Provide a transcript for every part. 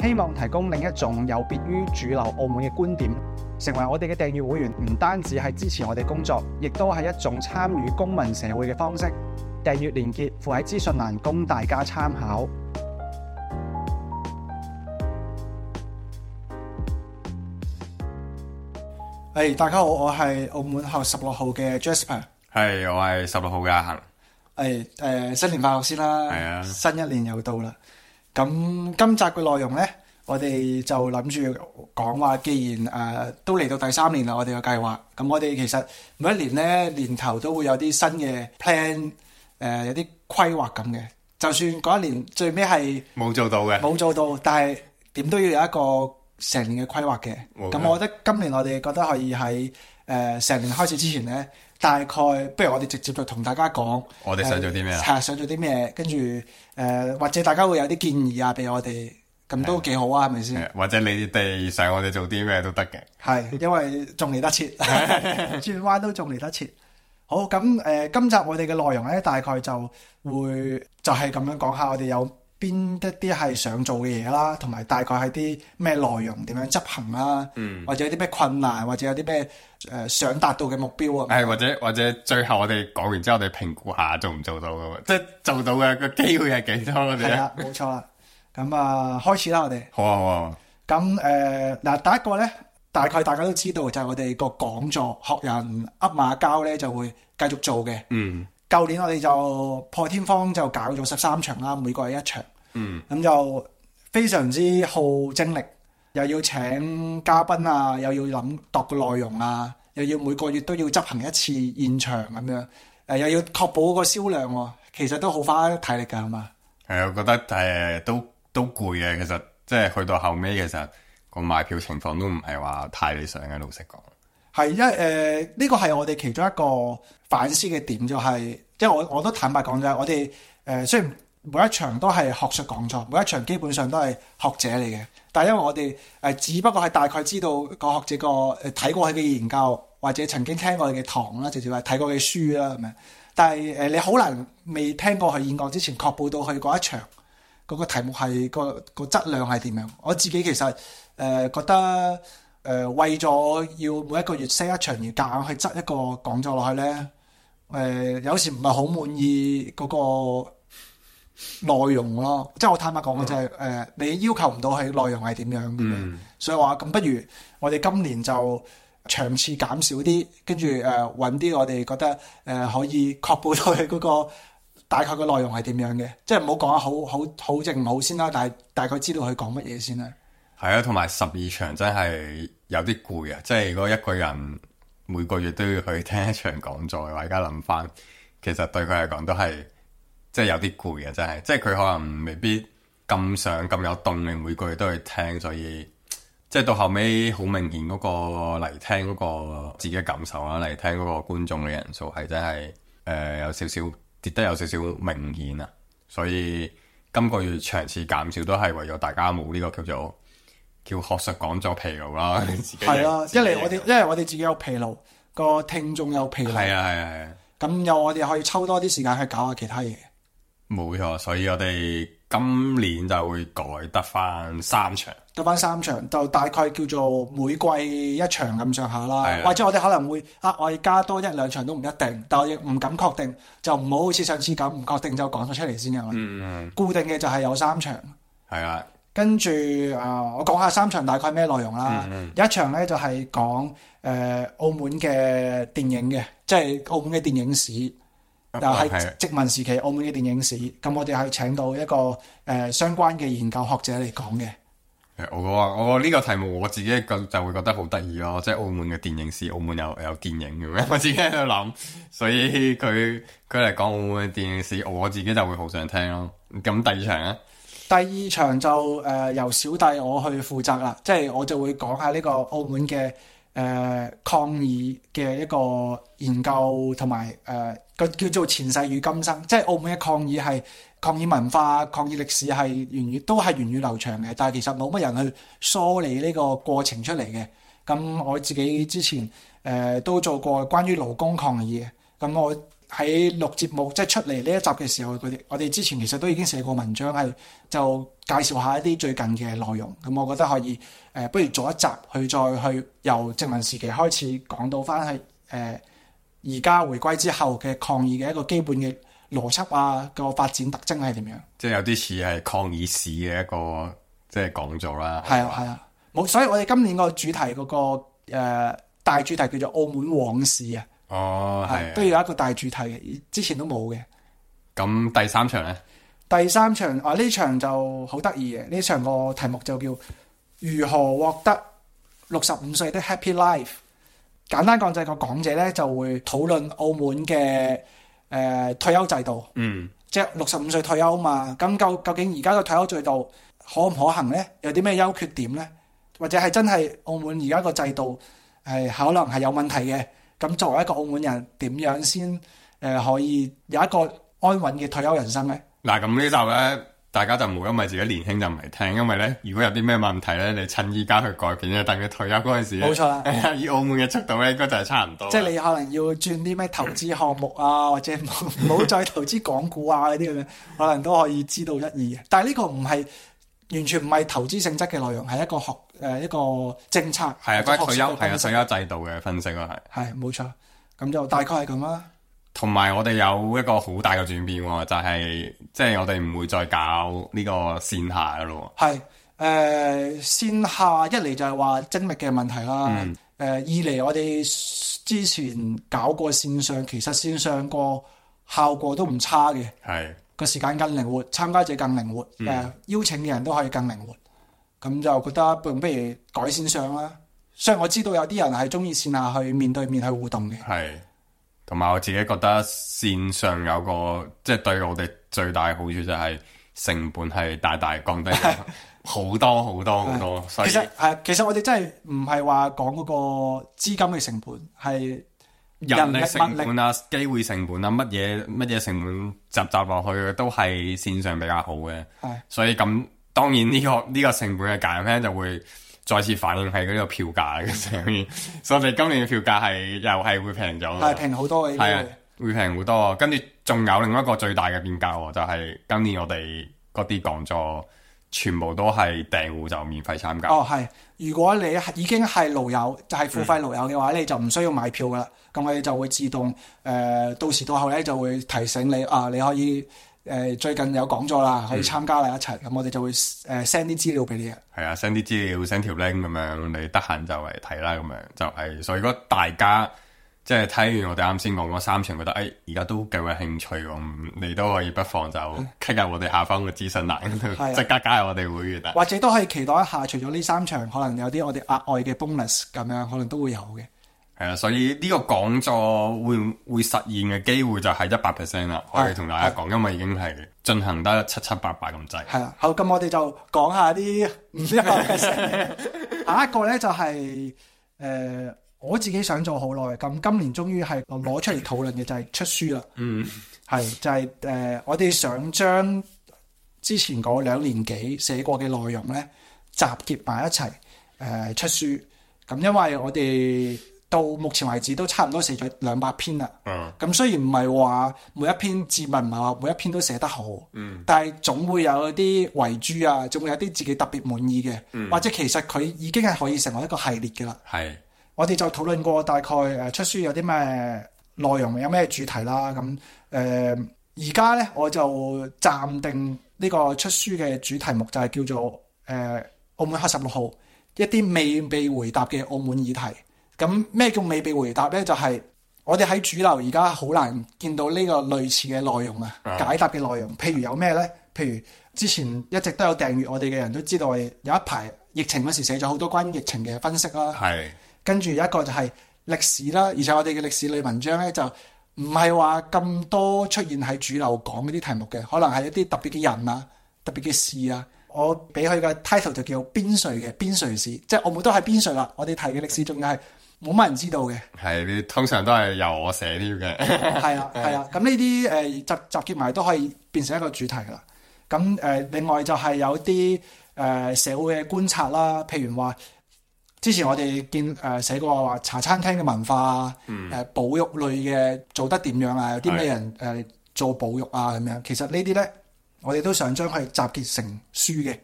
希望提供另一種有別於主流澳門嘅觀點，成為我哋嘅訂閱會員，唔單止係支持我哋工作，亦都係一種參與公民社會嘅方式。訂閱連結附喺資訊欄，供大家參考。誒，hey，大家好，我係澳門學十六、hey，號嘅 Jasper。係，我係十六號嘅阿恆。誒，誒，新年快樂先啦。係啊，新一年又到啦。咁今集嘅內容呢，我哋就諗住講話，既然誒、呃、都嚟到第三年啦，我哋嘅計劃咁，我哋其實每一年呢年頭都會有啲新嘅 plan，誒、呃、有啲規劃咁嘅。就算嗰一年最尾係冇做到嘅，冇做到，但係點都要有一個成年嘅規劃嘅。咁 我覺得今年我哋覺得可以喺誒成年開始之前呢。大概不如我哋直接就同大家講，我哋想做啲咩？係、呃、想做啲咩？跟住誒，或者大家會有啲建議啊，俾我哋咁都幾好啊，係咪先？係係或者你哋想我哋做啲咩都得嘅。係，因為仲嚟得切， 轉彎都仲嚟得切。好咁誒、呃，今集我哋嘅內容咧，大概就會就係咁樣講下，我哋有。邊一啲係想做嘅嘢啦，同埋大概係啲咩內容點樣執行啦，嗯、或者有啲咩困難，或者有啲咩誒想達到嘅目標啊？係、嗯、或者或者最後我哋講完之後，我哋評估下做唔做到咯？即、就、係、是、做到嘅個機會係幾多我哋？冇 錯啦。咁啊、呃，開始啦我哋。好啊，好啊，好啊。咁誒嗱，第一個咧，大概大家都知道就係、是、我哋個講座學人噏馬交咧就會繼續做嘅。嗯。舊年我哋就破天荒就搞咗十三場啦，每個係一場。嗯，咁就非常之耗精力，又要請嘉賓啊，又要諗度嘅內容啊，又要每個月都要執行一次現場咁樣，誒、呃，又要確保個銷量、啊，其實都好花體力嘅係嘛？啊、嗯，我覺得誒、呃、都都攰嘅，其實即係去到後尾，嘅時候，個賣票情況都唔係話太理想嘅老實講。係，因為誒呢個係我哋其中一個反思嘅點，就係、是，即係我我都坦白講啫，就係我哋誒、呃、雖然。每一場都係學術講座，每一場基本上都係學者嚟嘅。但係因為我哋誒、呃，只不過係大概知道個學者、那個誒睇、呃、過佢嘅研究，或者曾經聽過佢嘅堂啦，甚至話睇過佢嘅書啦咁樣。但係誒、呃，你好難未聽過去演講之前，確保到佢嗰一場嗰、那個題目係、那個、那個質量係點樣？我自己其實誒、呃、覺得誒、呃，為咗要每一個月 set 一場而夾硬去執一個講座落去咧，誒、呃、有時唔係好滿意嗰、那個。內容咯，即係我坦白講嘅就係，誒、嗯呃，你要求唔到佢內容係點樣嘅，嗯、所以話咁不如我哋今年就場次減少啲，跟住誒揾啲我哋覺得誒、呃、可以確保到佢嗰個大概嘅內容係點樣嘅，即係唔好講得好好好勁好先啦，但係大概知道佢講乜嘢先啦。係啊，同埋十二場真係有啲攰啊，即係如果一個人每個月都要去聽一場講座嘅話，而家諗翻，其實對佢嚟講都係。即係有啲攰啊！真係，即係佢可能未必咁想，咁有動力，每個月都去聽，所以即係到後尾好明顯嗰、嗰個嚟聽嗰個自己嘅感受啦。嚟聽嗰個觀眾嘅人數係真係誒、呃、有少少跌得有少少明顯啊！所以今個月場次減少都係為咗大家冇呢個叫做叫學術講座疲勞啦。係 啊，一嚟我哋，嗯、一嚟我哋自己有疲勞，個聽眾有疲勞，係啊係啊，咁又、啊啊啊、我哋可以抽多啲時間去搞下其他嘢。冇錯，所以我哋今年就會改得翻三場，得翻三場，就大概叫做每季一場咁上下啦，是的 或者我哋可能會額外加多一兩場都唔一定，但係我亦唔敢確定，就唔好好似上次咁唔確定就講咗出嚟先啦。嗯、嗯，固定嘅就係有三場，係啊是的，跟住啊，我講下三場大概咩內容啦。有、嗯嗯、一場咧就係講誒澳門嘅電影嘅，即係澳門嘅電影史。又係殖民時期澳門嘅電影史，咁我哋係請到一個誒、呃、相關嘅研究學者嚟講嘅。誒、欸，我話我呢個題目我自己就，就會覺得好得意咯，即係澳門嘅電影史，澳門有有電影咁樣，我自己喺度諗，所以佢佢嚟講澳門嘅電影史，我自己就會好想聽咯。咁第二場咧？第二場就誒、呃、由小弟我去負責啦，即、就、係、是、我就會講下呢個澳門嘅誒、呃、抗議嘅一個研究同埋誒。個叫做前世與今生，即係澳門嘅抗議係抗議文化、抗議歷史係源遠都係源遠流長嘅，但係其實冇乜人去梳理呢個過程出嚟嘅。咁我自己之前誒、呃、都做過關於勞工抗議嘅，咁我喺錄節目即係出嚟呢一集嘅時候，佢哋我哋之前其實都已經寫過文章，係就介紹一下一啲最近嘅內容。咁我覺得可以誒、呃，不如做一集去再去由殖民時期開始講到翻去誒。呃.而家回歸之後嘅抗議嘅一個基本嘅邏輯啊，個發展特徵係點樣？即係有啲似係抗議史嘅一個即係講座啦。係啊，係啊，冇、啊，所以我哋今年個主題嗰、那個誒、呃、大主題叫做《澳門往事》哦、啊。哦，係，都有一個大主題嘅，之前都冇嘅。咁第三場咧？第三場啊，呢場就好得意嘅，呢場個題目就叫如何獲得六十五歲的 Happy Life。簡單講就係個講者咧就會討論澳門嘅誒、呃、退休制度，嗯，即係六十五歲退休嘛。咁究究竟而家個退休制度可唔可行咧？有啲咩優缺點咧？或者係真係澳門而家個制度係、呃、可能係有問題嘅？咁作為一個澳門人，點樣先誒、呃、可以有一個安穩嘅退休人生咧？嗱，咁呢度咧。大家就唔好因為自己年輕就唔嚟聽，因為咧如果有啲咩問題咧，你趁而家去改變啫。等佢退休嗰陣時，冇錯。以澳門嘅速度咧，應該就係差唔多。即係你可能要轉啲咩投資項目啊，或者冇再投資港股啊嗰啲咁樣，可能都可以知道一二。但係呢個唔係完全唔係投資性質嘅內容，係一個學誒一個政策。係啊，關於退休係啊，退休制度嘅分析係。係冇錯，咁就大概係咁啦。同埋我哋有一個好大嘅轉變、哦，就係即係我哋唔會再搞呢個線下噶咯。係，誒、呃，線下一嚟就係話精密嘅問題啦。誒、嗯呃，二嚟我哋之前搞過線上，其實線上個效果都唔差嘅。係個是時間更靈活，參加者更靈活，誒、嗯呃，邀請嘅人都可以更靈活。咁就覺得，不如改線上啦。雖然我知道有啲人係中意線下去面對面去互動嘅。係。同埋我自己覺得線上有個即係，就是，對我哋最大嘅好處就係成本係大大降低好 多好多好多啊。其實係其實我哋真係唔係話講嗰個資金嘅成本，係人力人成本啊，機會成本啊，乜嘢乜嘢成本集集落去都係線上比較好嘅。 所以咁當然呢，呢個呢，呢個成本嘅減輕呢就會。再次反映係呢個票價嘅上面， 所以我哋今年嘅票價係又係會平咗，係平好多嘅，係啊 ，會平好多。跟住仲有另一個最大嘅變革，就係、是、今年我哋嗰啲講座全部都係訂戶就免費參加。哦，係，如果你已經係爐友，就係、是、付費爐友嘅話咧，嗯、你就唔需要買票㗎啦。咁我哋就會自動誒、呃、到時到後咧就會提醒你啊、呃，你可以。誒最近有講座啦，可以參加啦一齊，咁、嗯、我哋就會誒 send 啲資料俾你啊。係啊，send 啲資料，send 條 link 咁樣，你得閒就嚟睇啦，咁樣就係、是。所以如果大家即係睇完我哋啱先講嗰三場，覺得誒而家都幾有興趣喎，你都可以不妨就 click 下我哋下方嘅資訊欄，即、嗯、 刻加入我哋會員啊。或者都可以期待一下，除咗呢三場，可能有啲我哋額外嘅 bonus 咁樣，可能都會有嘅。係啦，所以呢個講座會會實現嘅機會就係一百 percent 啦，我哋同大家講，哦、因為已經係進行得七七八八咁滯。係啦，好，咁我哋就講下啲唔一百 percent 下一個咧就係、是、誒、呃，我自己想做好耐，咁今年終於係攞出嚟討論嘅就係出書啦。嗯，係就係、是、誒、呃，我哋想將之前嗰兩年幾寫過嘅內容咧集結埋一齊誒、呃、出書。咁因為我哋。到目前為止都差唔多寫咗兩百篇啦。咁、uh. 雖然唔係話每一篇字文唔係話每一篇都寫得好，mm. 但係總會有啲遺珠啊，總會有啲自己特別滿意嘅，mm. 或者其實佢已經係可以成為一個系列嘅啦。Mm. 我哋就討論過大概誒出書有啲咩內容，有咩主題啦。咁誒而家咧，我就暫定呢個出書嘅主題目就係、是、叫做誒、呃《澳門黑十六號》一啲未被回答嘅澳門議題。咁咩叫未被回答咧？就係、是、我哋喺主流而家好難見到呢個類似嘅內容啊，Yeah. 解答嘅內容。譬如有咩咧？譬如之前一直都有訂閱我哋嘅人都知道，有一排疫情嗰時寫咗好多關於疫情嘅分析啦。係。Yeah. 跟住有一個就係歷史啦，而且我哋嘅歷史類文章咧就唔係話咁多出現喺主流講嗰啲題目嘅，可能係一啲特別嘅人啊、特別嘅事啊。我俾佢嘅 title 就叫邊陲嘅邊陲事，即係澳門都係邊陲啦。我哋睇嘅歷史仲嘅係。冇乜人知道嘅，係你通常都係由我寫啲嘅。係 啊，係啊。咁呢啲誒集集結埋都可以變成一個主題啦。咁誒、呃，另外就係有啲誒、呃、社會嘅觀察啦，譬如話之前我哋見誒、呃、寫過話茶餐廳嘅文化啊，誒、嗯呃、保育類嘅做得點樣啊，有啲咩人誒的、呃、做保育啊，咁樣其實呢啲咧，我哋都想將佢集結成書嘅。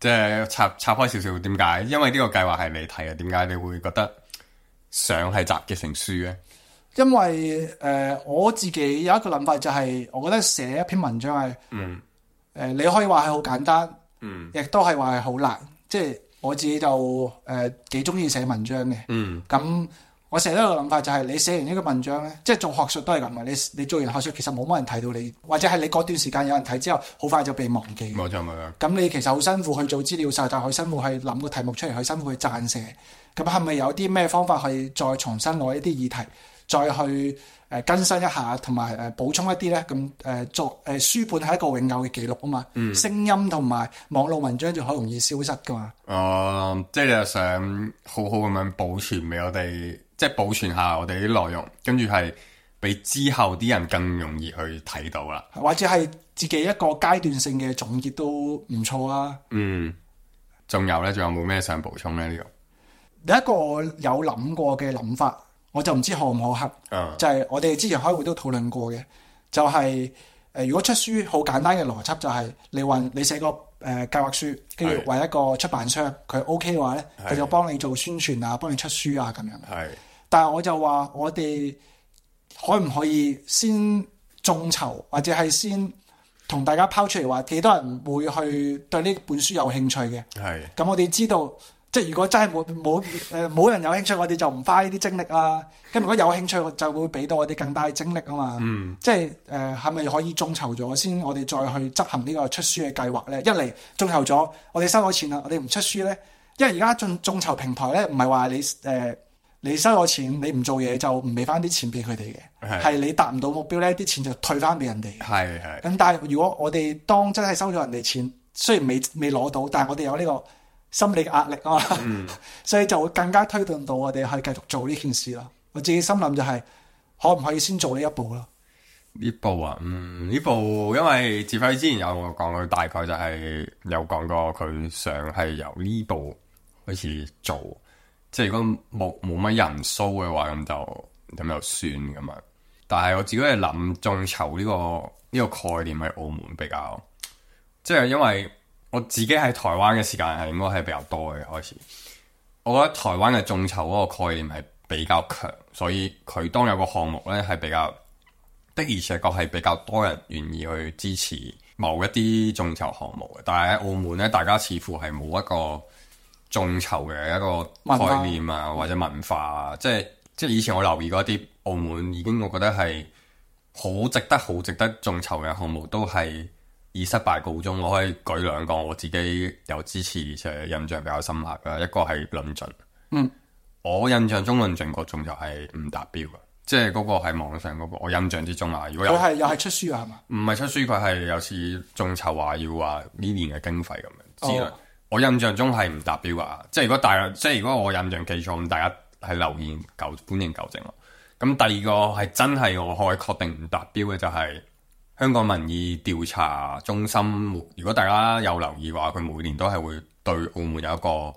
即係拆插，插開少少，點解？因為呢個計劃係離題啊。點解你會覺得？想係集結成書嘅，因為誒、呃、我自己有一個諗法就係、是，我覺得寫一篇文章係，誒、嗯呃、你可以話係好簡單，亦都係話係好難，即係我自己就誒幾中意寫文章嘅，咁、嗯。我成日都有個諗法就係你寫完呢個文章咧，即係做學術都係咁啊！你你做完學術其實冇乜人睇到你，或者係你嗰段時間有人睇之後，好快就被忘記。冇錯冇錯啦。咁你其實好辛苦去做資料晒，但係辛苦去諗個題目出嚟，辛苦去撰寫。咁係咪有啲咩方法去再重新攞一啲議題，再去誒更新一下，同埋誒補充一啲咧？咁誒作誒書本係一個永久嘅記錄啊嘛。嗯。聲音同埋網絡文章就好容易消失噶嘛。哦、嗯呃，即係你想好好咁樣保存俾我哋。即係保存下我哋啲內容，跟住係比之後啲人更容易去睇到啦。或者係自己一個階段性嘅總結都唔錯啊。嗯，仲有咧，仲有冇咩想補充咧？呢個第一個有諗過嘅諗法，我就唔知合唔合合。嗯、就係我哋之前開會都討論過嘅，就係、是、誒、呃，如果出書好簡單嘅邏輯就係、是，你話你寫個誒計劃書，跟住為一個出版商，佢 OK 嘅話咧，佢就幫你做宣傳啊，幫是你出書啊，咁樣。係。但係我就話我哋可唔可以先眾籌，或者係先同大家拋出嚟，話幾多人會去對呢本書有興趣嘅？係的。咁我哋知道，即係如果真係冇冇誒冇人有興趣，我哋就唔花呢啲精力啦。咁如果有興趣，就會俾到我哋更大嘅精力啊嘛。嗯。即係誒，係咪可以眾籌咗先？我哋再去執行呢個出書嘅計劃咧？一嚟眾籌咗，我哋收咗錢啦，我哋唔出書咧，因為而家眾眾籌平台咧，唔係話你誒。呃你收咗錢，你唔做嘢，就唔俾翻啲錢俾佢哋嘅，係的你達唔到目標呢，啲錢就退翻俾人哋。係係咁，但係如果我哋當真係收咗人哋錢，雖然未未攞到，但係我哋有呢個心理嘅壓力啊，嗯、 所以就會更加推動到我哋去繼續做呢件事啦。我自己心諗就係可唔可以先做呢一步啦？呢步啊，嗯，呢步因為志輝之前有我講佢大概就係有講過佢想係由呢步開始做。即係如果冇冇乜人數嘅話，咁就咁就算噶嘛。但係我自己係諗眾籌呢個呢個概念喺澳門比較，即係因為我自己喺台灣嘅時間係應該係比較多嘅開始。我覺得台灣嘅眾籌嗰個概念係比較強，所以佢當有個項目呢係比較的而且確係比較多人願意去支持某一啲眾籌項目。但係喺澳門呢，大家似乎係冇一個。眾籌嘅一個概念啊，化或者文化啊，即係即係以前我留意過一啲澳門已經，我覺得係好值得、好值得眾籌嘅項目，都係以失敗告終。我可以舉兩個我自己有支持而且印象比較深刻嘅，一個係論盡。嗯，我印象中論盡個眾籌係唔達標嘅，即係嗰個係網上嗰個我印象之中啊。如果係又係出書啊，係嘛？唔係出書佢係有次眾籌話要話呢年嘅經費咁樣。我印象中係唔達標啊！即係如果大家，即係如果我印象記錯，咁大家係留言嚮歡迎糾正囉。咁、嗯、第二個係真係我可以確定唔達標嘅就係、是、香港民意調查中心。如果大家有留意嘅話，佢每年都係會對澳門有一個誒、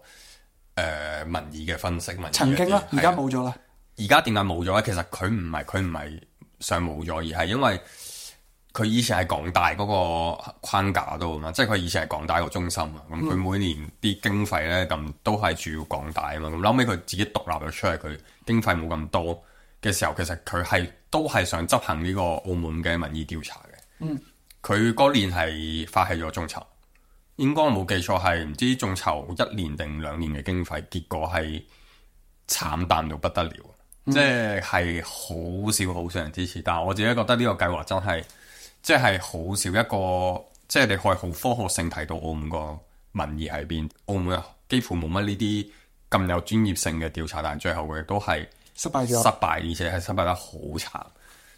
呃、民意嘅分析。民意曾經啦，而家冇咗啦。而家點解冇咗咧？其實佢唔係佢唔係想冇咗，而係因為。佢以前係港大嗰個框架度啊嘛，即係佢以前係港大個中心啊，咁佢每年啲經費咧咁都係主要港大啊嘛，咁後屘佢自己獨立咗出嚟，佢經費冇咁多嘅時候，其實佢係都係想執行呢個澳門嘅民意調查嘅。嗯，佢嗰年係發起咗眾籌，應該冇記錯係唔知眾籌一年定兩年嘅經費，結果係慘淡到不得了，嗯、即係係好少好少人支持。但係我自己覺得呢個計劃真係～即係好少一個，即係你可以好科學性提到澳門個民意喺邊。澳門啊，幾乎冇乜呢啲咁有專業性嘅調查，但最後佢都係失敗咗，失敗而且係失敗得好慘。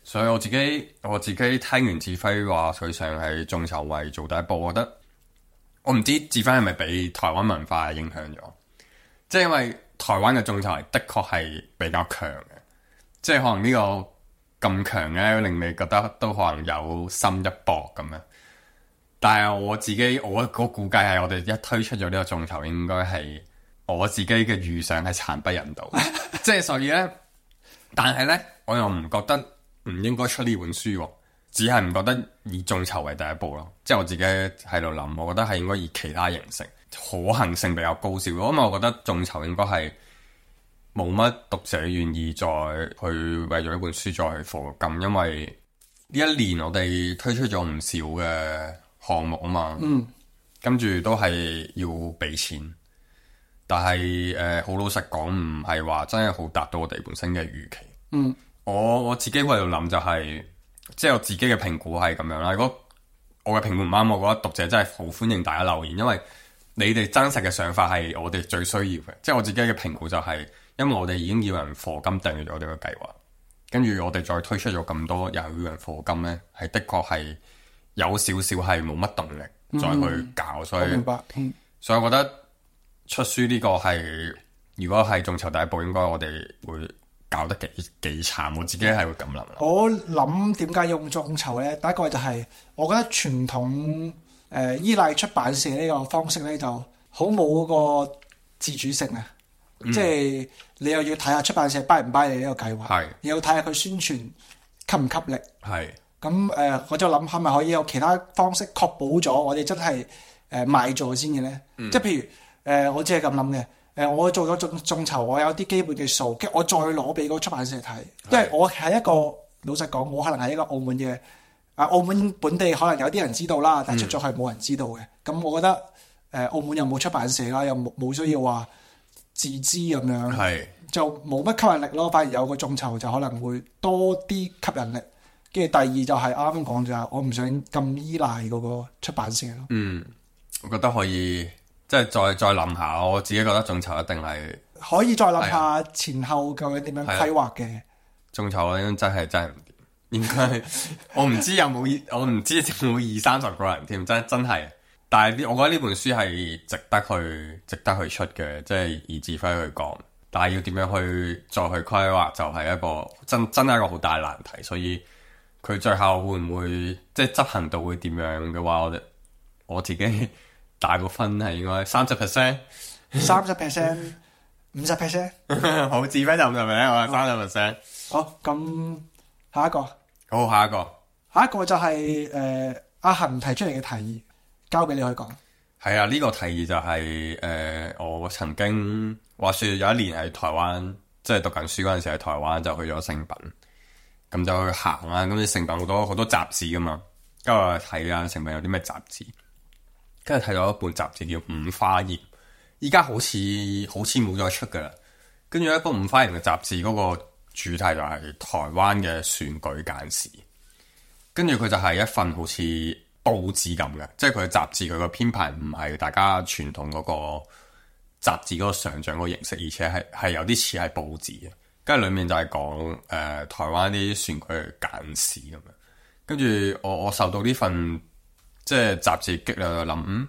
所以我自己我自己聽完志輝話，佢上係眾籌為做第一步，我覺得我唔知志輝係咪俾台灣文化影響咗，即係因為台灣嘅眾籌係的確係比較強嘅，即係可能呢個。咁強咧，令你覺得都可能有心一搏咁樣。但係我自己，我，我估計係我哋一推出咗呢個眾籌，應該係我自己嘅預想係慘不忍睹。即係所以呢，但係呢，我又唔覺得唔應該出呢本書、啊，只係唔覺得以眾籌為第一步咯、啊。即、就、係、是、我自己喺度諗，我覺得係應該以其他形式可行性比較高少。因為，我覺得眾籌應該係。冇乜讀者願意再去為咗一本書再去課金咁，因為呢一年我哋推出咗唔少嘅項目啊嘛，嗯、跟住都係要俾錢，但係誒好老實講，唔係話真係好達到我哋本身嘅預期。嗯，我我自己喺度諗就係，即係我自己嘅評估係咁樣啦。如果我嘅評估唔啱，我覺得讀者真係好歡迎大家留言，因為你哋真實嘅想法係我哋最需要嘅。即係我自己嘅評估就係。因為我哋已經要人課金訂閱咗我哋嘅計劃，跟住我哋再推出咗咁多又要人課金咧，係的確係有少少係冇乜動力再去搞。嗯、所以，所以我覺得出書呢個係如果係眾籌第一步，應該我哋會搞得幾幾慘，我自己係會咁諗。我諗點解用眾籌咧？第一個就係我覺得傳統誒、呃、依賴出版社呢個方式咧，就好冇嗰個自主性啊。嗯、即係你又要睇下出版社 buy 唔 buy 你呢個計劃，你是 要睇下佢宣傳給唔給力。係咁誒，我就諗係咪可以有其他方式確保咗我哋真係誒賣座先嘅咧？嗯、即係譬如誒、呃，我只係咁諗嘅。誒、呃，我做咗眾籌，我有啲基本嘅數，跟住我再攞俾個出版社睇，是 即係我係一個老實講，我可能係一個澳門嘅啊，澳門本地可能有啲人知道啦，但出咗去冇人知道嘅。咁、嗯、我覺得誒、呃，澳門又冇出版社啦，又冇冇需要話。自資咁樣，是就冇乜吸引力咯。反而有個眾籌就可能會多啲吸引力。跟住第二就係啱啱講咗，我唔想咁依賴嗰個出版社咯。嗯，我覺得可以，即係再再諗下。我自己覺得眾籌一定係可以再諗下前後究竟點樣規劃嘅。眾籌咧，真係真係唔掂，應該 我唔知有冇我唔知有冇二三十個人添，真真係。但係，我覺得呢本書係值得去，值得去出嘅，即係以智輝去講。但係要點樣去再去規劃，就係一個真真係一個好大難題。所以佢最後會唔會即係執行到會點樣嘅話，我我自己打個分係應該三十 percent，三十 percent，五十 percent。 好自，智輝就五十 percent，我係三十 percent。好，咁，哦，下一個，好，下一個，下一個就係，是，誒、呃、阿恒提出嚟嘅提議。交俾你去講，係啊！呢、這個提議就係、是、誒、呃，我曾經話説有一年喺台灣，即係讀緊書嗰陣時喺台灣就去咗誠品，咁就去行啦。咁啲誠品好多好多雜誌㗎嘛，跟住睇啊誠品有啲咩雜誌，跟住睇到一本雜誌叫《五花葉》，依家好似好似冇再出㗎喇。跟住有一本《五花葉》嘅雜誌，嗰個主題就係台灣嘅選舉簡史，跟住佢就係一份好似報紙咁嘅，即係佢嘅雜誌，佢個編排唔係大家傳統嗰個雜誌嗰個上上個形式，而且係係有啲似係報紙嘅，跟住裏面就係講誒台灣啲選舉簡史咁樣，跟住我我受到呢份即係雜誌激勵，就諗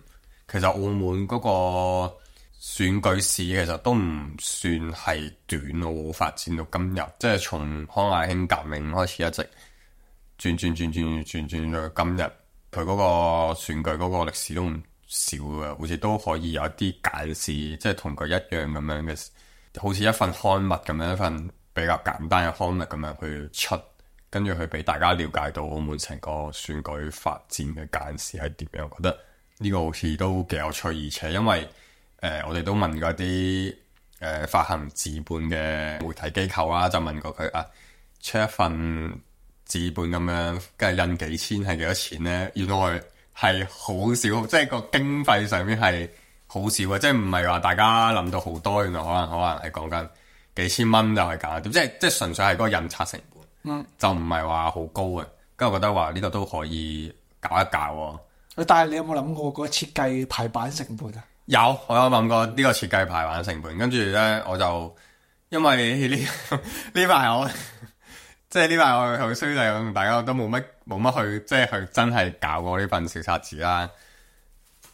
其實澳門嗰個選舉史其實都唔算係短咯，發展到今日，即係從康乃馨革命開始一直轉轉轉轉轉轉到今日。佢嗰個選舉嗰個歷史都唔少嘅，好似都可以有一啲解釋，即係同佢一樣咁樣嘅，好似一份刊物咁樣，一份比較簡單嘅刊物咁樣去出，跟住去俾大家了解到澳門成個選舉發展嘅解釋係點樣。我覺得呢個好似都幾有趣，而且因為誒、呃、我哋都問過啲誒、呃、發行紙本嘅媒體機構啊，就問過佢啊，出一份。紙本咁樣，跟住印幾千係幾多錢咧？原來係好少，即係個經費上面係好少啊！即係唔係話大家諗到好多，原來可能可能係講緊幾千蚊就係搞掂，即係即係純粹係嗰個印刷成本，嗯、就唔係話好高嘅。跟住我覺得話呢度都可以搞一搞。但係你有冇諗過個設計排版成本啊？有，我有諗過呢個設計排版成本。跟住咧，我就因為呢呢排我。 即係呢排我好衰就係，大家都冇乜冇乜去，即係去真係搞過呢份小冊子啦。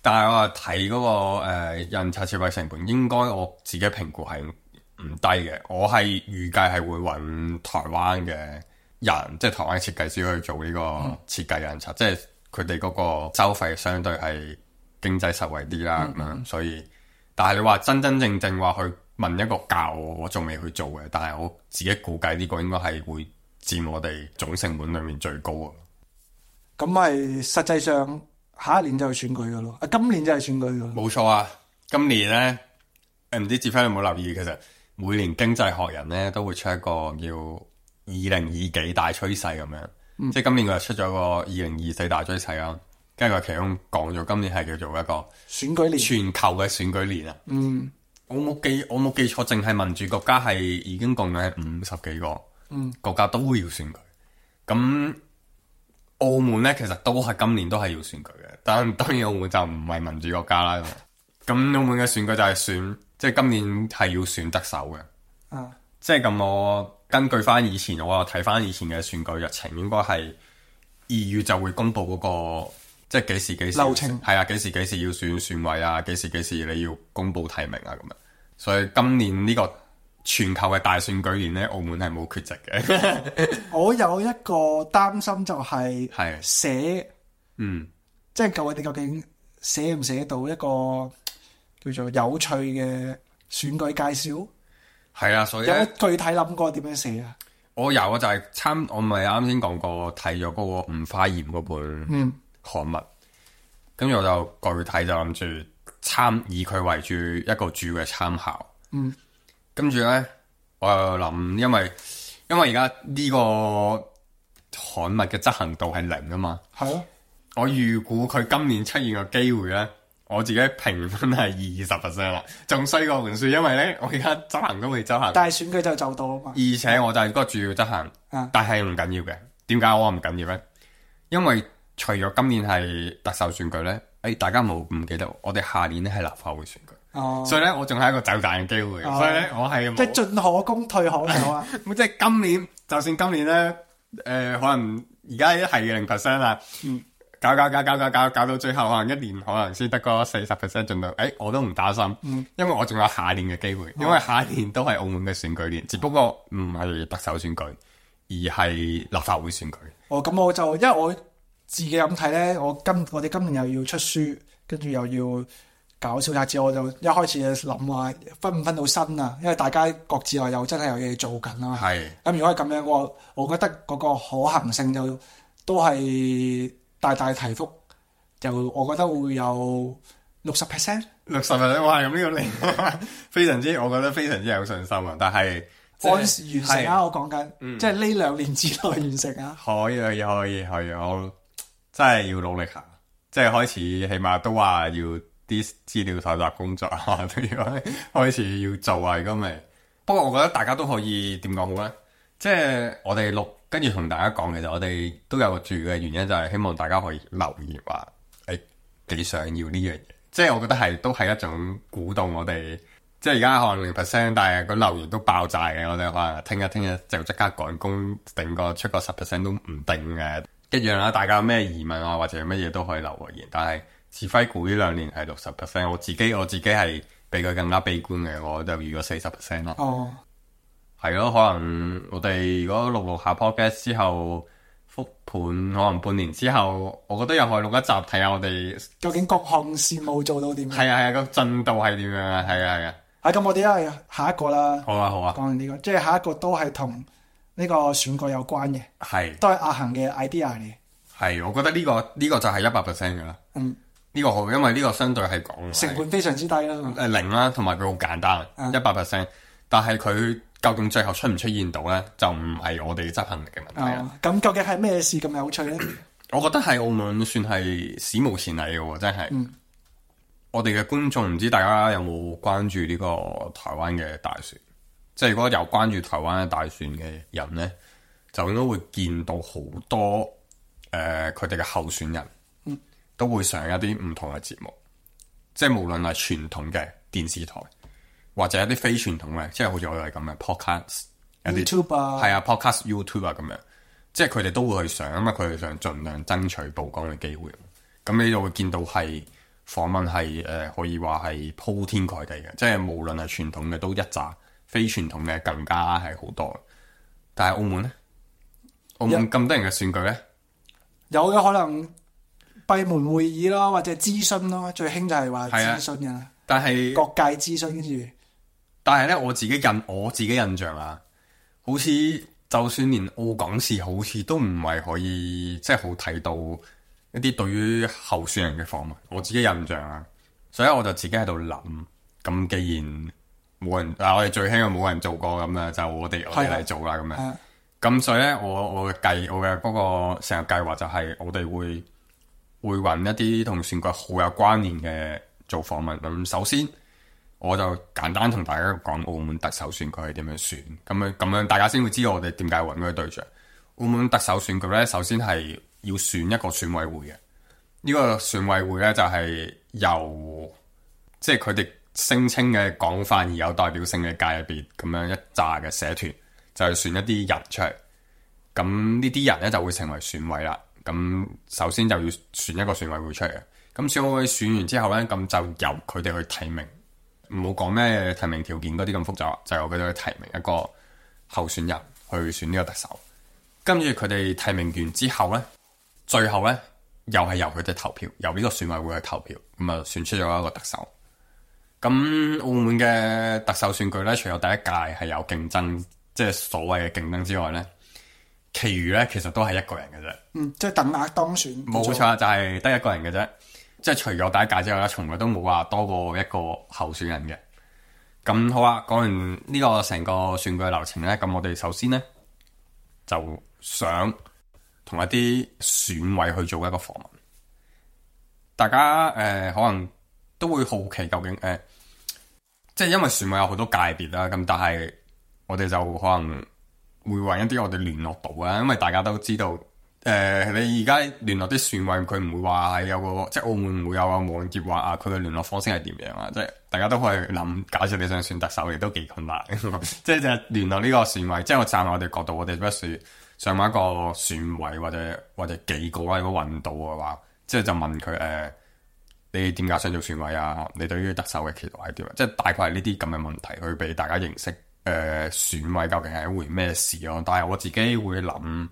但係我睇嗰個、呃、印刷設備成本，應該我自己評估係唔低嘅。我係預計係會揾台灣嘅人，即係台灣設計師去做呢個設計印刷，即係佢哋嗰個收費相對係經濟實惠啲啦。咁樣、嗯嗯嗯、所以，但係你話真真正正話去問一個價，我仲未去做嘅。但係我自己估計呢個應該係會。佔我哋總成本裏面最高啊！咁咪實際上下一年就選舉噶咯，啊今年就係選舉噶。冇錯啊！今年咧、啊，誒唔知接輝有冇留意？其實每年經濟學人咧都會出一個叫二零二幾大趨勢咁樣，嗯、即係今年佢又出咗個二零二四大趨勢啊。跟住佢其中講咗，今年係叫做一個選舉年，全球嘅選舉年啊。嗯，我冇記我冇記錯，淨係民主國家係已經共有係五十幾個。國家都會要選舉，咁澳門咧其實都係今年都係要選舉嘅，但當然澳門就唔係民主國家啦。咁 澳門嘅選舉就係選，即係今年係要選特首嘅。啊，即係咁我根據翻以前，我又睇翻以前嘅選舉日程，應該係二月就會公布嗰個，即係幾時幾時係程啊？幾時幾時要選選委啊？幾時幾時你要公布提名啊？咁樣，所以今年呢個。全球嘅大選舉年咧，澳門係冇缺席嘅。 我有一個擔心就係，係寫，嗯，即係各位你究竟寫唔寫到一個叫做有趣嘅選舉介紹？係啊，所以有具體諗過點樣寫啊？我有啊，就係、是、參，我咪啱先講過睇咗嗰個五花鹽嗰本刊物《嗯韓文》，咁我就具體就諗住參以佢為主一個主嘅參考，嗯。跟住咧，我又諗，因為因為而家呢個刊物嘅執行度係零啊嘛，係啊，我預估佢今年出現個機會咧，我自己評分係二十 percent 啦，仲衰過本書，因為咧我而家執行都未執行，但係選舉就就到啊嘛，而且我就係嗰個主要執行。啊、但係唔緊要嘅，點解我唔緊要咧？因為除咗今年係特首選舉咧，誒、哎，大家冇唔記得，我哋下年咧係立法會選舉。哦、所以咧，我仲係一個走彈嘅機會，哦、所以咧，我係即係進可攻退可守啊！ 即係今年，就算今年咧，誒、呃，可能而家係零 percent 啊，搞搞搞搞搞搞，搞到最後可能一年可能先得嗰四十 percent 進到。誒、哎，我都唔擔心，嗯、因為我仲有下年嘅機會，哦、因為下一年都係澳門嘅選舉年，只不過唔係特首選舉，而係立法會選舉。哦，咁我就因為我自己咁睇咧，我今我哋今年又要出書，跟住又要。搞小冊子，我就一開始就諗話分唔分到身啊，因為大家各自內又真係有嘢做緊啊嘛。係咁是、嗯，如果係咁樣，我我覺得嗰個可行性就都係大大提幅，就我覺得會有六十 percent。六十 percent 哇！咁呢個嚟非常之，我覺得非常之有信心啊。但係按時完成啊，的我講緊、嗯、即係呢兩年之內完成啊。可以可以可以可以，我真係要努力下，即係開始起碼都話要。啲資料蒐集工作啊，都要開始要做啊，而家咪。不過我覺得大家都可以點講好咧，即係我哋錄跟住同大家講嘅就，我哋都有個主要嘅原因，就係希望大家可以留言話，誒、欸、幾想要呢樣嘢。即係我覺得係都係一種鼓動我哋。即係而家可能零 percent，但係個留言都爆炸嘅。我哋可能聽日聽日就即刻趕工，定個出個十 percent 都唔定嘅。一樣啦，大家有咩疑問啊，或者有乜嘢都可以留言，但係。指揮股呢兩年係六十 percent，我自己我自己係比佢更加悲觀嘅，我就預咗四十 percent 咯。哦，係咯，可能我哋如果錄錄下 podcast 之後複盤，可能半年之後，我覺得又可以錄一集睇下我哋究竟各項事務做到點樣。係啊係啊，個進度係點樣啊？係啊係啊。啊，咁我哋啊，下一個啦、啊。好啊好啊。講完呢個，即係下一個都係同呢個選舉有關嘅，係都係阿恒嘅 idea 嚟。係，我覺得呢個呢個就係一百 percent 噶啦。嗯。呢個好，因為呢個相對係講成本非常之低啦，誒零啦，同埋佢好簡單，一百 percent。啊、但係佢究竟最後出唔出現到咧，就唔係我哋執行力嘅問題啊。咁、哦、究竟係咩事咁有趣咧？ 我覺得喺澳門算係史無前例嘅喎，真係。嗯、我哋嘅觀眾唔知大家有冇關注呢個台灣嘅大選？即係如果有關注台灣嘅大選嘅人咧，就應該會見到好多誒佢哋嘅候選人。都會上一啲唔同嘅節目，即係無論係傳統嘅電視台，或者一啲非傳統嘅，即係好似我哋咁嘅 podcast、YouTube 啊，係啊 podcast、YouTube 啊咁樣，即係佢哋都會去上啊嘛，佢哋想盡量爭取曝光嘅機會。咁你就會見到係訪問係誒、呃，可以話係鋪天蓋地嘅，即係無論係傳統嘅都一紮，非傳統嘅更加係好多。但係澳門咧，澳門咁多人嘅選舉咧，有嘅可能。閉門會議咯，或者諮詢咯，最興就係話諮詢㗎啦。但係各界諮詢跟住，但係咧我自己印我自己印象啊，好似就算連澳廣視好似都唔係可以即係好睇到一啲對於候選人嘅訪問。我自己印象啊，所以我就自己喺度諗，咁既然冇人嗱、啊，我哋最興冇人做過咁啦，就我哋的我哋嚟做啦咁樣。咁的所以咧，我我嘅計我嘅嗰個成個計劃就係我哋會。會揾一啲同選舉好有關聯嘅做訪問。咁首先，我就簡單同大家講，澳門特首選舉係點樣選，咁樣咁樣大家先會知道我哋點解揾嗰啲對象。澳門特首選舉呢，首先係要選一個選委會嘅。呢個選委會呢，就係由，即係佢哋聲稱嘅廣泛而有代表性嘅界別咁樣一揸嘅社團，就係選一啲人出嚟。咁呢啲人呢，就會成為選委啦。咁首先就要選一個選委會出嚟，咁選委會選完之後呢，咁就由佢哋去提名，唔好講咩提名條件嗰啲咁複雜，就由佢哋去提名一個候選人去選呢個特首。跟住佢哋提名完之後呢，最後呢又係由佢哋投票，由呢個選委會去投票，咁啊，選出咗一個特首。咁澳門嘅特首選舉呢，除咗第一屆係有競爭，即係所謂嘅競爭之外呢。其餘咧，其實都係一個人嘅啫。嗯，即係等額當選。冇錯就係、是、得一個人嘅啫，即係除咗第一屆之外啦，從來都冇話多過一個候選人嘅。咁好啊，講完呢個成個選舉流程咧，咁我哋首先咧就想同一啲選委去做一個訪問。大家誒、呃，可能都會好奇究竟誒、呃，即係因為選委有好多界別啦，咁但係我哋就可能。會揾一啲我哋聯絡到啊，因為大家都知道，誒、呃，你而家聯絡啲選委，佢唔會話係有個，即係澳門唔會有個網頁啊，話啊，佢嘅聯絡方式係點樣啊？即係大家都可以諗，假設你想選特首，亦都幾困難。 即係就聯絡呢個選委，即係我站我哋角度，我哋不如上一個選委，或者或者幾個啊，如果搵到嘅話，即係就問佢誒、呃，你點解想做選委啊？你對於特首嘅期待係點？即係大概係呢啲咁嘅問題去俾大家認識。誒、呃，選委究竟係一回咩事啊？但係我自己會諗，誒、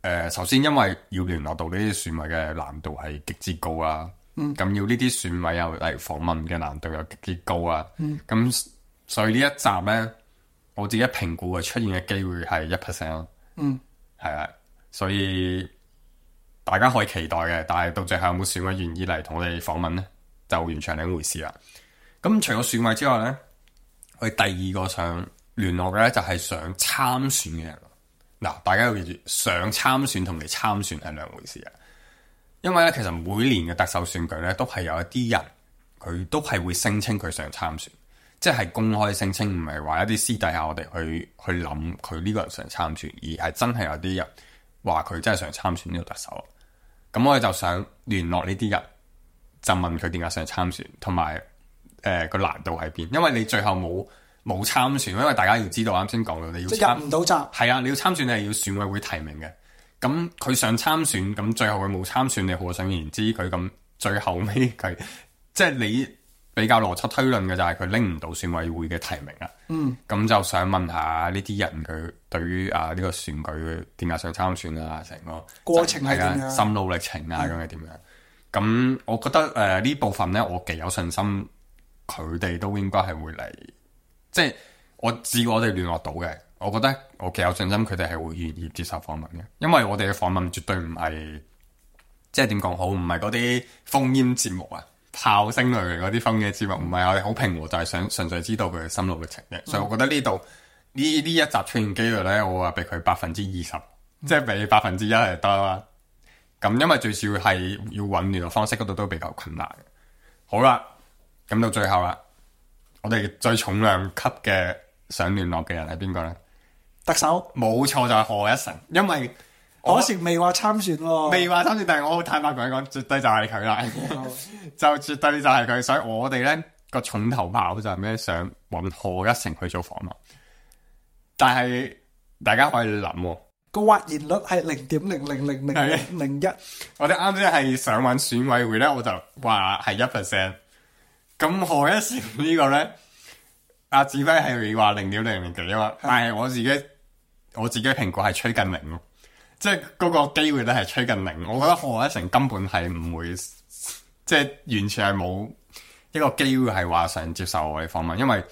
呃，首先因為要聯絡到呢啲選委嘅難度係極之高啊，咁、嗯、要呢啲選委又嚟訪問嘅難度又極之高啊，咁、嗯、所以呢一集咧，我自己評估嘅出現嘅機會係一 percent 咯，啊、嗯，係啊，所以大家可以期待嘅，但係到最後有冇選委願意嚟同我哋訪問咧，就完全係另一回事啦。咁除咗選委之外咧。佢第二個想聯絡嘅咧，就係想參選嘅人。嗱，大家要記住，想參選同嚟參選係兩回事啊！因為咧，其實每年嘅特首選舉咧，都係有一啲人，佢都係會聲稱佢想參選，即係公開聲稱，唔係話一啲私底下我哋去去諗佢呢個人想參選，而係真係有啲人話佢真係想參選呢個特首。咁、嗯、我哋就想聯絡呢啲人，就問佢點解想參選，同埋，誒，個、呃、難度喺邊？因為你最後冇冇參選，因為大家要知道，啱先講到你要入唔到閘，係啦，你要參、啊、選係要，要選委會提名嘅。咁佢想參選，咁最後佢冇參選，你可想而知佢咁最後尾佢，即、就、係、是、你比較邏輯推論嘅就係佢拎唔到選委會嘅提名啊。嗯，咁就想問下呢啲人佢對於啊呢、這個選舉點解想參選啊？成個，整個過程係點樣？心路歷程啊，咁係點樣？咁、嗯、我覺得誒呢、呃呃、部分咧，我幾有信心。佢哋都應該係會嚟，即係我自我哋聯絡到嘅，我覺得我幾有信心，佢哋係會願意接受訪問嘅，因為我哋嘅訪問絕對唔係，即係點講好，唔係嗰啲烽煙節目啊、炮聲類嗰啲烽煙節目，唔係我哋好平和，就係、是、想純粹知道佢嘅心路歷程嘅，所以我覺得呢度呢呢一集出現機率咧，我話俾佢百分之二十，即係俾百分之一係得啦。咁因為最少係要揾聯絡方式嗰度都比較困難。好啦。咁到最後啦，我哋最重量級嘅想聯絡嘅人係邊個咧？特首，冇錯就係、是、賀一誠。因為賀一誠未話參選咯，未話參選，但係我好坦白同你講，絕對就係佢啦，就絕對就係佢，所以我哋咧個重頭炮就係咩，想搵賀一誠去做訪問，但係大家可以諗個挖言率係零點零零零零零一，我哋啱先係想搵選委會咧，我就話係一 percent。咁賀一誠呢個咧？阿志輝係話零點零零幾啊，2, 但係我自己 我自己評估係趨近零，即係嗰個機會咧係趨近零。我覺得賀一誠根本係唔會，即係完全係冇一個機會係話想接受我哋訪問。因為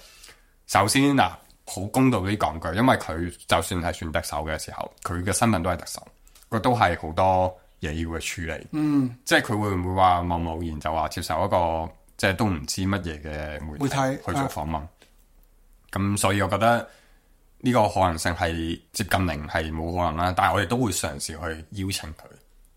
首先嗱，好、啊、公道啲講句，因為佢就算係算特首嘅時候，佢嘅身份都係特首，佢都係好多嘢要嘅處理。嗯，即係佢會唔會話貿貿然就話接受一個？即係都唔知乜嘢嘅媒體，媒體去做訪問，咁、啊、所以我覺得呢個可能性係接近零，係冇可能啦。但係我哋都會嘗試去邀請佢，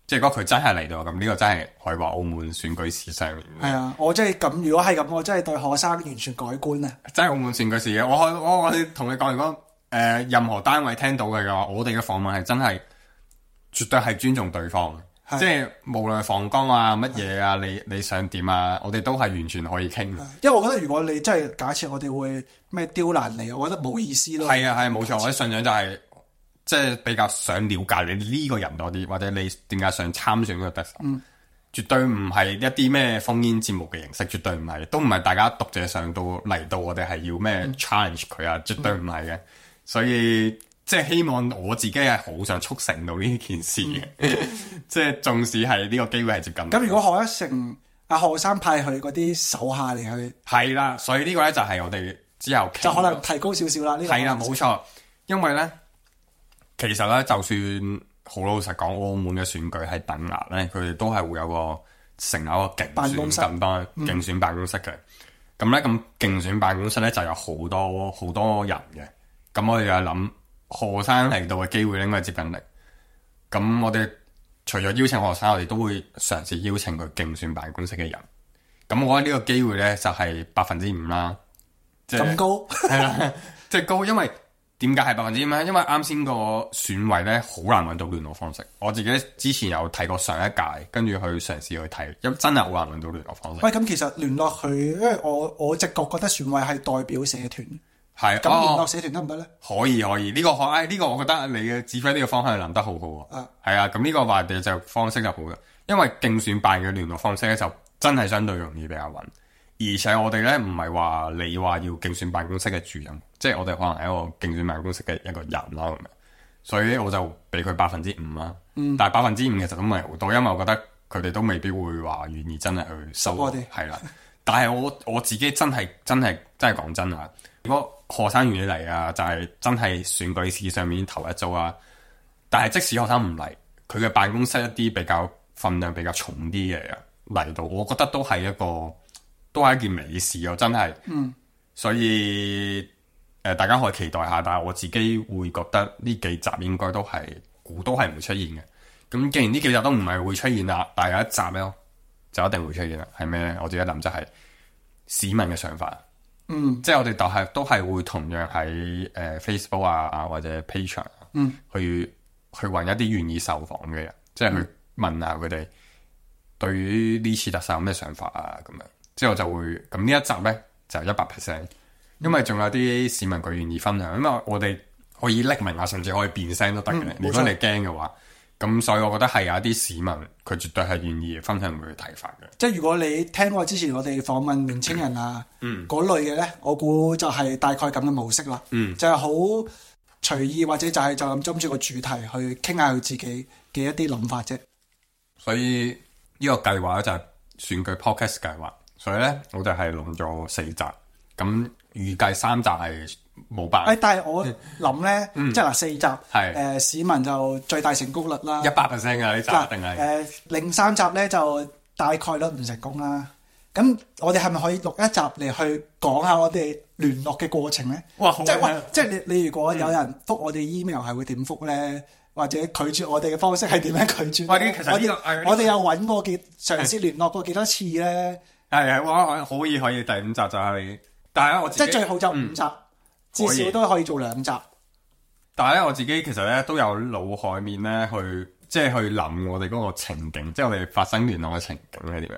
即係如果佢真係嚟到，咁呢個真係可以話澳門選舉史上。係啊，我真係咁。如果係咁，我真係對學生完全改觀啊！真係澳門選舉史嘅，我我我同你講，如果誒、呃、任何單位聽到嘅話，我哋嘅訪問係真係絕對係尊重對方。即係無論防光啊乜嘢啊，的你你想點啊？我哋都係完全可以傾。因為我覺得如果你真係假設我哋會咩刁難你，我覺得冇意思咯。係啊係啊冇錯，錯我哋信仰就係即係比較想了解你呢個人多啲，或者你點解想參選呢個特首？嗯、絕對唔係一啲咩瘋癲節目嘅形式，絕對唔係，都唔係大家讀者上到嚟到我哋係要咩 challenge 佢啊？嗯、絕對唔係嘅，所以。即係希望我自己係好想促成到呢件事嘅， 即係縱使係呢個機會係接近咁。 如果何一成阿何生派佢嗰啲手下嚟去，係啦，所以呢個咧就係我哋之後就可能提高少少啦。呢、這個係啦，冇錯，因為咧其實咧，就算好老實講，澳門嘅選舉係等額咧，佢哋都係會有一個成有一個競選咁多競選辦公室嘅。咁咧，咁、嗯、競選辦公室咧就有好多好多人嘅。咁我哋就諗。學生嚟到嘅機會咧，應該接近零。咁我哋除咗邀請學生，我哋都會嘗試邀請佢競選辦公室嘅人。咁我覺得個機呢個機會咧，就係百分之五啦。咁高係啦，即係麼高， 高，因為點解係百分之五咧？因為啱先個選委咧，好難揾到聯絡方式。我自己之前有睇過上一屆，跟住去嘗試去睇，因真係好難揾到聯絡方式。喂，咁其實聯絡佢，因為我我直覺覺得選委係代表社團。係咁聯絡社團得唔得咧？可以、這個、可以，呢個可誒呢個我覺得你嘅指揮呢個方向係諗得好好啊！係啊，咁呢、啊、個話就方式就好嘅，因為競選辦嘅聯絡方式咧就真係相對容易比較穩，而且我哋咧唔係話你話要競選辦公室嘅主任，即、就、係、是、我哋可能係一個競選辦公室嘅一個人啦咁樣，所以我就俾佢百分之五啦。啊嗯、但係百分之五其實都唔係好多，因為我覺得佢哋都未必會話願意真係去收，多啲，係啦。但係我我自己真係真係真係講真啊！真如果學生願意嚟啊，就係、是、真係選舉史上面頭一遭啊。但係即使學生唔嚟，佢嘅辦公室一啲比較分量比較重啲嘅嚟到，我覺得都係一個都係一件美事啊！真係，嗯，所以誒、呃，大家可以期待下，但係我自己會覺得呢幾集應該都係估都係唔會出現嘅。咁既然呢幾集都唔係會出現啦，但有一集咧就一定會出現啦，係咩咧？我自己諗就係、是、市民嘅想法。嗯，即係我哋就係都係會同樣喺誒、呃、Facebook 啊啊或者 Patreon、啊、嗯，去去搵一啲願意受訪嘅人，即係去問下佢哋對於呢次特首有咩想法啊咁樣，之後就會咁呢一集咧就一百 percent，因為仲有啲市民佢願意分享，因為我哋可以匿名啊，甚至可以變聲都得嘅。嗯、如果你驚嘅話。咁所以，我覺得係有一啲市民，佢絕對係願意分享佢嘅睇法嘅。即係如果你聽過之前我哋訪問年輕人啊，嗰 類嘅咧，我估就係大概咁嘅模式啦。 就係好隨意，或者就係就咁針住個主題去傾下佢自己嘅一啲諗法啫。所以呢個計劃咧就係選舉 Podcast 計劃，所以咧我哋係錄咗四集，咁預計三集係。冇辦法。誒，但係我諗咧，即係嗱，四集，誒市民就最大成功率啦，一百 percent 啊！呢集定係誒零三集咧，就大概率唔成功啦。咁我哋係咪可以錄一集嚟，去講下我哋聯絡嘅過程咧？哇，即係，即係你你如果有人覆我哋 email 係會點覆咧？或者拒絕我哋嘅方式係點樣拒絕？我哋其實有搵過幾，嘗試聯絡過幾多次咧？係係，我好易可以第五集就係，但係我即係最後就五集。至少都可以做兩集，但係咧我自己其實咧都有腦海面咧去即係去諗我哋嗰個情景，即係我哋發生聯絡嘅情景係點樣？誒、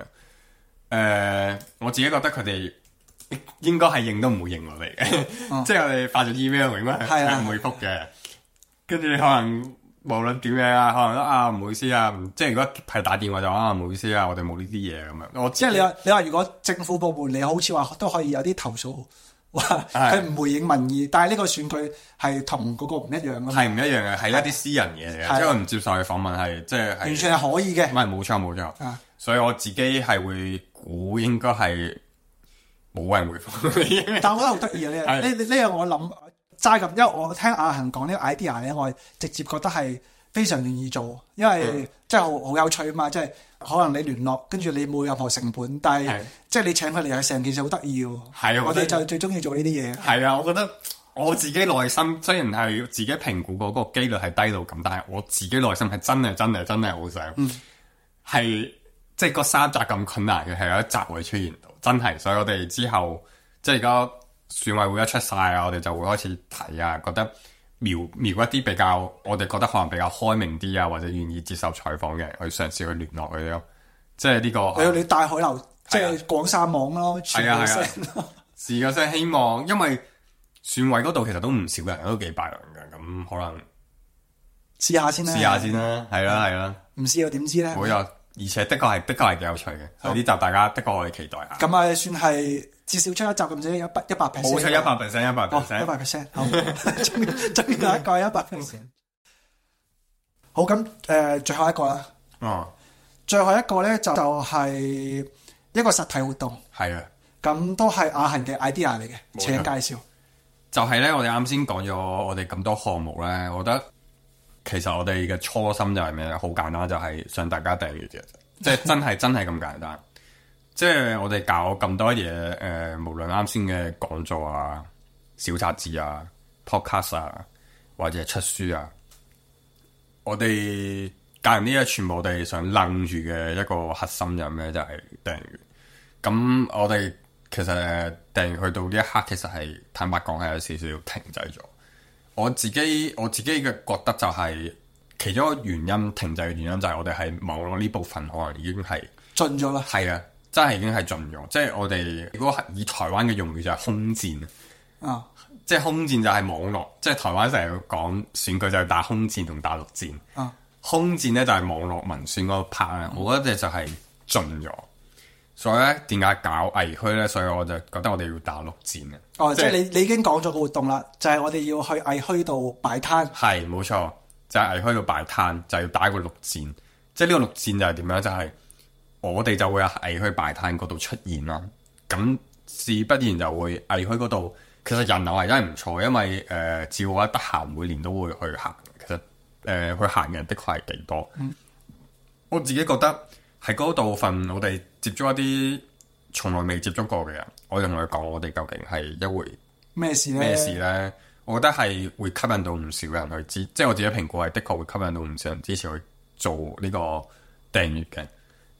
呃，我自己覺得佢哋應該係認都唔會認我哋嘅。啊、 即係我哋發咗 email，應該係唔會回覆嘅。跟住你可能無論點樣啊，可能都啊唔好意思啊，即係如果係打電話就啊唔好意思啊，我哋冇呢啲嘢，咁樣。我即係你話你話，如果政府部門你好似話都可以有啲投訴。哇！佢唔回應民意，但係呢個選舉係同嗰個唔一樣啊嘛，係唔一樣嘅，係一啲私人嘢嚟嘅，即係佢唔接受佢訪問，係即係完全係可以嘅。唔係冇錯冇錯，所以我自己係會估應該係冇人回覆。但係我覺得好得意啊呢樣，呢呢樣我諗齋咁，因為我聽阿恒講呢個 idea 咧，我直接覺得係。非常願意做，因為即係好有趣啊嘛！嗯、即係可能你聯絡，跟住你冇任何成本，但係是即係你請佢嚟係成件事好得意嘅。係啊，我哋就最中意做呢啲嘢。係啊，我覺得我自己內心雖然係自己評估過嗰、嗰個機率係低到咁，但係我自己內心係真係真係真係好想，係即係個三集咁困難嘅，係有一集會出現到，真係。所以我哋之後即係而家選委會一出晒，啊，我哋就會開始睇啊，覺得。描描一啲比較，我哋覺得可能比較開明啲啊，或者願意接受採訪嘅，去嘗試去聯絡佢哋咯。即係呢個，係、呃、啊，你大海流，呃、即係廣撒網咯，傳個聲。哎哎、是啊，即係希望，因為選委嗰度其實都唔少人，都幾拜倫嘅，咁、嗯、可能試下先啦，試下先啦，係啦，係啦，唔對試又點知咧？冇錯，而且的確係的確係幾有趣嘅，呢集大家的確可以期待啊。咁咪算係。至少出一集咁先，一筆一百 percent，好出一百 percent，一百 percent，一百 percent。好，終於終於一個一百 percent。 好，咁誒、呃，最後一個啦。哦。最後一個咧就係、是、一個實體活動。係啊是的。咁都係阿恒嘅 idea 嚟嘅，請介紹。就係咧，我哋啱先講咗我哋咁多項目咧，我覺得其實我哋嘅初心就係咩咧？好簡單，就係、是、想大家訂閱啫，即、就、係、是、真係真係咁簡單。 即係我哋搞咁多嘢，誒、呃，無論啱先嘅講座啊、小冊子啊、podcast 啊，或者係出書啊，我哋隔完呢一，全部都係想愣住嘅一個核心，人咩就係訂閱。咁我哋其實訂閱去到呢一刻，其實係坦白講係有少少停滯咗。我自己我自己嘅覺得就係其中一個原因，停滯嘅原因就係我哋係冇呢部分，可能已經係進咗啦。係啊。真係已經係盡咗，即係我哋如果以台灣嘅用語就係空戰啊，即係空戰就係網絡，即係台灣成日講選舉就係打空戰同打陸戰啊。空戰咧就係網絡民選嗰度拍啊，我覺得就係盡咗。嗯、所以咧，點解搞藝墟咧？所以我就覺得我哋要打陸戰啊。哦，即係你是你已經講咗個活動啦，就係、是、我哋要去藝墟度擺攤。係冇錯，就係、是、藝墟度擺攤，就係要打個陸戰。即係呢個陸戰就係點樣？就係、是。就是我哋就會喺藝墟擺攤嗰度出現咯，咁事不然就會藝墟嗰度。其實人流係真係唔錯，因為誒，只要我得閒，每年都會去行。其實誒、呃，去行嘅人的確係幾多。嗯、我自己覺得喺嗰度份，我哋接觸一啲從來未接觸過嘅人，我哋同佢講，我哋究竟係一回咩事咧？咩事咧？我覺得係會吸引到唔少嘅人去知。即係我自己評估係的確會吸引到唔少人支持去做呢個訂閱嘅。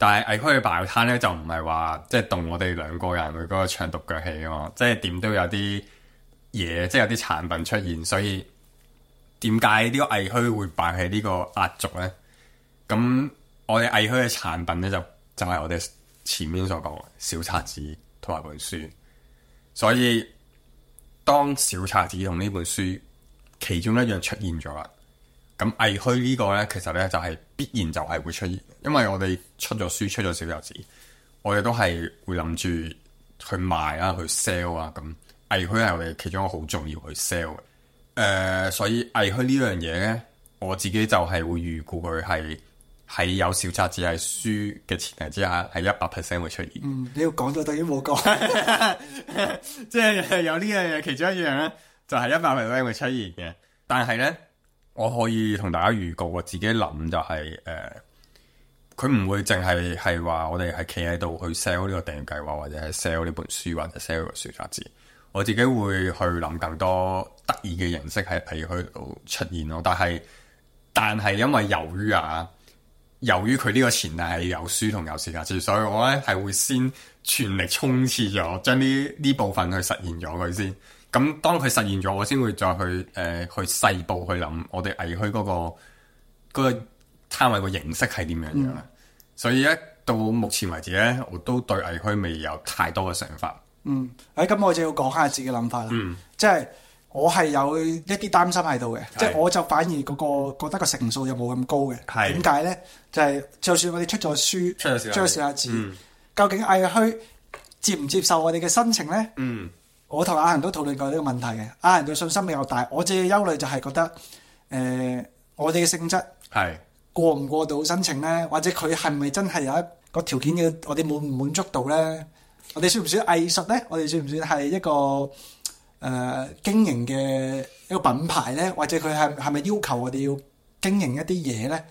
但係藝墟去擺攤咧，就唔係話即係動我哋兩個人去嗰個唱獨腳戲啊！即係點都有啲嘢，即係有啲產品出現，所以點解呢個藝墟會擺喺呢個壓軸咧？咁我哋藝墟嘅產品咧，就就係、是、我哋前面所講小冊子同埋本書，所以當小冊子同呢本書其中一樣出現咗啦。咁藝墟呢個咧，其實咧就係、是、必然就係會出現，因為我哋出咗書，出咗小冊子，我哋都係會諗住去賣啦，去 sell 啊，咁藝墟係我哋其中一個好重要去 sell 嘅，誒、呃，所以藝墟呢樣嘢咧，我自己就係會預估佢係喺有小冊子係書嘅前提之下，係一百 percent 會出現。嗯，你要講到等於冇講，即係有呢樣嘢，其中一樣咧就係一百 percent 會出現嘅，但係咧。我可以同大家預告，我自己諗就係、是、誒，佢、呃、唔會淨係係話我哋係企喺度去 sell 呢個訂閱計劃，或者係 sell 呢本書，或者 sell 個書法字。我自己會去諗更多得意嘅形式，係譬如喺度出現咯。但係但係因為由於啊，由於佢呢個前提係有書同有時間，所以我呢，我咧係會先全力衝刺咗，將呢呢部分去實現咗佢先。咁當佢實現咗，我先會再去誒、呃、去細部去諗、那個，我哋藝墟嗰個嗰個攤位個形式係點樣樣。嗯、所以咧，到目前為止咧，我都對藝墟未有太多嘅想法。嗯，誒、哎，咁我就要講下自己諗法啦。嗯，即係我係有一啲擔心喺度嘅，是即係我就反而嗰個覺得個成數又冇咁高嘅。係點解咧？就係、是、就算我哋出咗書，出咗少少字，嗯、究竟藝墟接唔接受我哋嘅申請咧？ 嗯。我同阿恒都討論過呢個問題嘅，阿恒對信心比較大。我自己憂慮就係覺得，誒、呃，我哋嘅性質過唔過到申請咧？或者佢係咪真係有一個條件嘅？我哋滿唔滿足到咧？我哋算唔算藝術咧？我哋算唔算係一個誒、呃、經營嘅一個品牌咧？或者佢係係咪要求我哋要經營一啲嘢咧？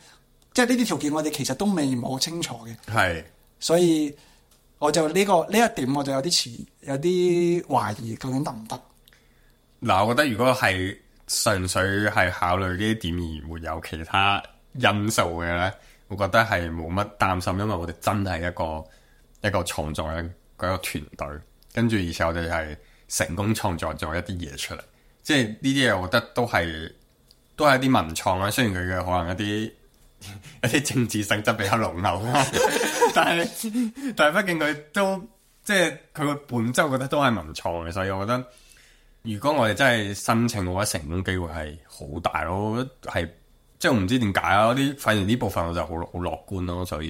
即係呢啲條件，我哋其實都未摸清楚嘅。係是，所以。我就呢個呢一點，我就有啲似有啲懷疑，究竟得唔得？嗱、啊，我覺得如果係純粹係考慮呢啲點而沒有其他因素嘅咧，我覺得係冇乜擔心，因為我哋真係一個一個創作嘅嗰個，個團隊，跟住而且我哋係成功創作咗一啲嘢出嚟，即係呢啲嘢，我覺得都係都係一啲文創啦。雖然佢嘅可能一啲。 有啲政治性質比較濃厚， 但係但係畢竟佢都即係佢個本質我覺得都係唔錯嘅，所以我覺得如果我哋真係申請嘅話，成功機會係好大咯，係即係我唔知點解咯啲，反而呢部分我就好好樂觀咯，所以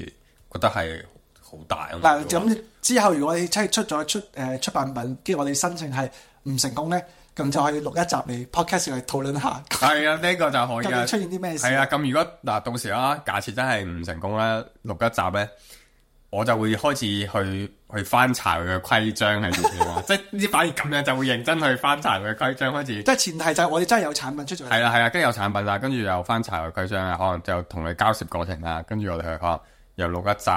覺得係好大啊！嗱，咁之後如果你真係出咗出誒、呃、出版品，跟住我哋申請係唔成功咧？咁就可以錄一集嚟 podcast 去討論下。係 啊，呢、呢個就可以。出現啲咩事？係啊，咁如果嗱、啊、到時啊，假設真係唔成功咧，錄一集咧，我就會開始去去翻查佢嘅規章係點啊。 即係呢啲反而咁樣就會認真去翻查佢嘅規章，開始 即係前提就係我哋真係有產品出咗。係啦係啦，跟住、啊、有產品啦，跟住又翻查佢規章啊，可能就同你交涉過程啦。跟住我哋去可能又錄一集，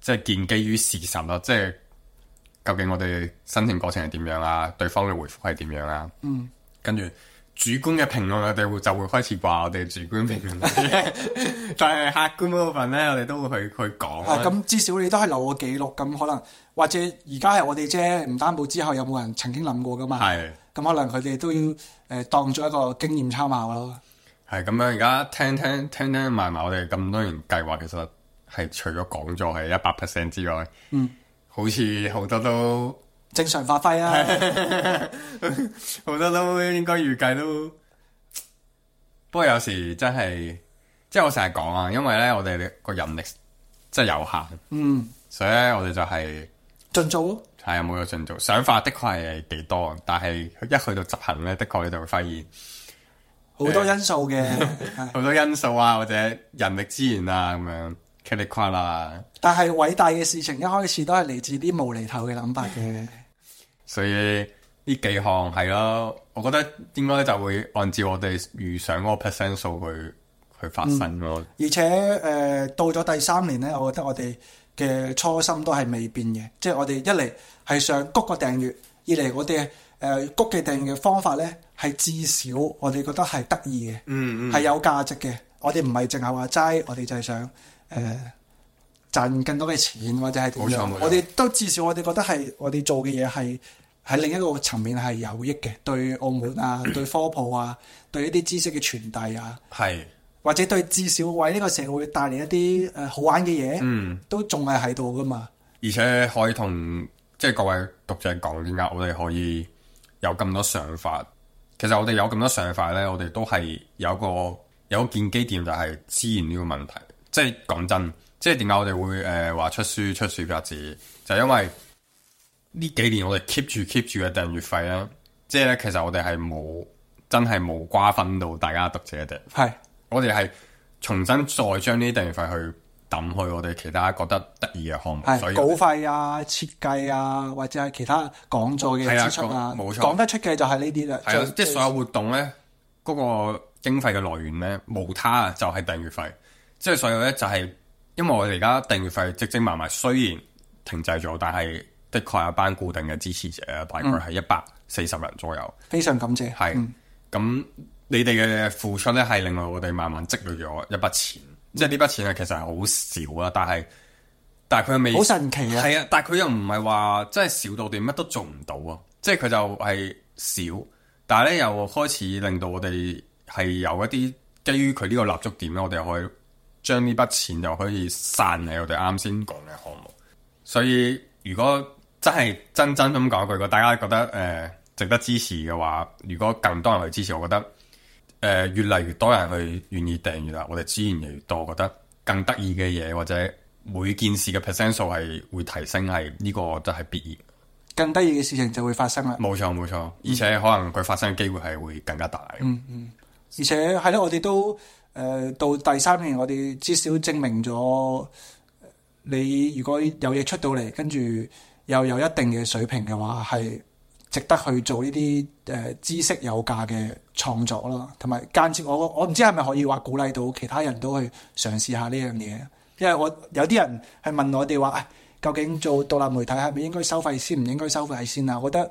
即係建基於事實啦，即係。即究竟我哋申請過程係點樣啊？對方嘅回覆係點樣啊？嗯，跟住主觀嘅評論我哋會就會開始話我哋主觀評論，但係客觀部分咧，我哋都會去去講。咁、啊、至少你都係留個記錄，咁可能或者而家係我哋啫，唔擔保之後有冇人曾經諗過噶嘛？係咁的，可能佢哋都要誒、呃、當作一個經驗參考咯。係咁樣，而家聽聽聽聽埋埋，我哋咁多年計劃，其實係除咗講座係一百 percent 之外，嗯。好似好多都正常發揮啊！好 多都應該預計都， 不過有時真係，即係我成日講啊，因為咧我哋個人力真係有限，嗯，所以咧我哋就係、是、盡做咯，係冇有盡做。想法的確係幾多，但係一去到執行咧，的確你就會發現好多因素嘅，好、呃、 多因素啊，或者人力資源啊咁樣。啦，但係偉大嘅事情一開始都係嚟自啲無厘頭嘅諗法嘅， 所以呢幾項係咯，我覺得應該就會按照我哋預想嗰個 percent 數去發生咯、嗯。而且誒、呃，到咗第三年咧，我覺得我哋嘅初心都係未變嘅，即係我哋一嚟係想谷個訂閱，二嚟我哋誒、呃、谷嘅訂閱方法咧係至少我哋覺得係得意嘅，嗯嗯，係有價值嘅。我哋唔係淨係話齋，我哋就係想。誒，賺、呃、更多嘅錢或者係點樣？沒沒我哋都至少我，我哋覺得係我哋做嘅嘢係喺另一個層面係有益嘅，對澳門啊， 對科普啊，對一啲知識嘅傳遞啊，係是或者對至少為呢個社會帶嚟一啲誒好玩嘅嘢，嗯，都仲係喺度噶嘛。而且可以同即係各位讀者講，點解我哋可以有咁多想法？其實我哋有咁多想法咧，我哋都係有個有個建基點就係資源呢個問題。即係講真，即係點解我哋會誒話、呃、出書出書，就是、因為呢幾年我哋 keep 住 keep 住嘅訂閱費咧，即係咧其實我哋係冇真係冇瓜分到大家讀者嘅。係是我哋係重新再將呢啲訂閱費去抌去我哋其他覺得得意嘅項目，是所以稿費啊、設計啊，或者係其他講座嘅支出啊，講、啊、冇錯、講得出嘅就係呢啲啦。係即係所有活動咧，嗰、嗰個經費嘅來源咧，無他啊，就係訂閱費。即係所有咧，就係因為我哋而家訂閱費積積埋埋，雖然停滯咗，但係的確有班固定嘅支持者，大概係一百四十人左右。嗯、是非常感謝，係、嗯、咁、嗯、你哋嘅付出咧，係令到我哋慢慢積累咗一筆錢。即係呢筆錢係其實係好少啊，但係但係佢又未好神奇啊，係啊，但係佢又唔係話真係少到點乜都做唔到啊。即係佢就係、是、少，但係咧又開始令到我哋係有一啲基於佢呢個立足點咧，我哋又可以。將呢筆錢就可以散嚟我哋啱先講嘅項目，所以如果真係真真咁講一句，大家覺得誒、呃、值得支持嘅話，如果更多人去支持，我覺得誒、呃、越嚟越多人去願意訂閱啦，我哋資源越嚟越多，我覺得更得意嘅嘢或者每件事嘅 percent 數係會提升，係呢個就係必然。更得意嘅事情就會發生啦，冇錯冇錯，而且可能佢發生嘅機會係會更加大。嗯嗯，而且係咯，我哋都。誒到第三年，我哋至少證明咗你如果有嘢出到嚟，跟住又有一定嘅水平嘅話，係值得去做呢啲誒知識有價嘅創作啦，同埋間接我我唔知係咪可以話鼓勵到其他人都去嘗試下呢樣嘢，因為我有啲人係問我哋話、哎，究竟做獨立媒體係咪應該收費先，唔應該收費先啊？我覺得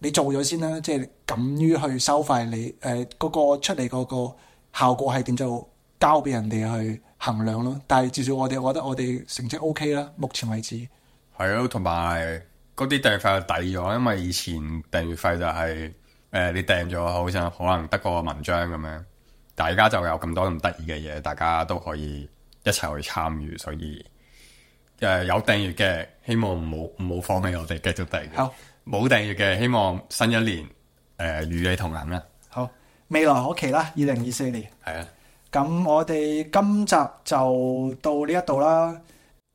你做咗先啦、啊，即係你敢於去收費，你誒嗰個出嚟嗰個。效果係點就交俾人哋去衡量咯，但係至少我哋覺得我哋成績 O K 啦，目前為止。係咯，同埋嗰啲訂閱費就抵咗，因為以前訂閱費就係、是、誒、呃、你訂咗好似可能得個文章咁樣，但係而家就有咁多咁得意嘅嘢，大家都可以一齊去參與，所以誒、呃、有訂閱嘅希望唔好，唔好放棄我哋繼續訂。好，冇訂閱嘅希望新一年誒與、呃、你同行啦。好。未來可期啦，二零二四年。係啊的，咁我哋今集就到呢一度啦。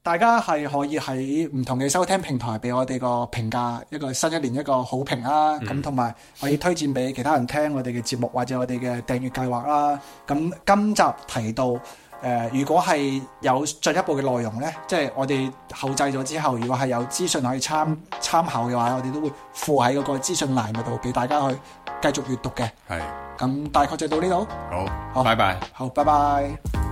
大家係可以喺唔同嘅收聽平台俾我哋個評價，一個新一年一個好評啦。咁同埋可以推薦俾其他人聽我哋嘅節目或者我哋嘅訂閱計劃啦。咁今集提到，誒、呃，如果係有進一步嘅內容呢，即、就、係、是、我哋後製咗之後，如果係有資訊可以參參考嘅話，我哋都會附喺嗰個資訊欄嗰度俾大家去。繼續閱讀嘅。係，咁，大概就到呢度。好，好，拜拜 bye。好，拜拜。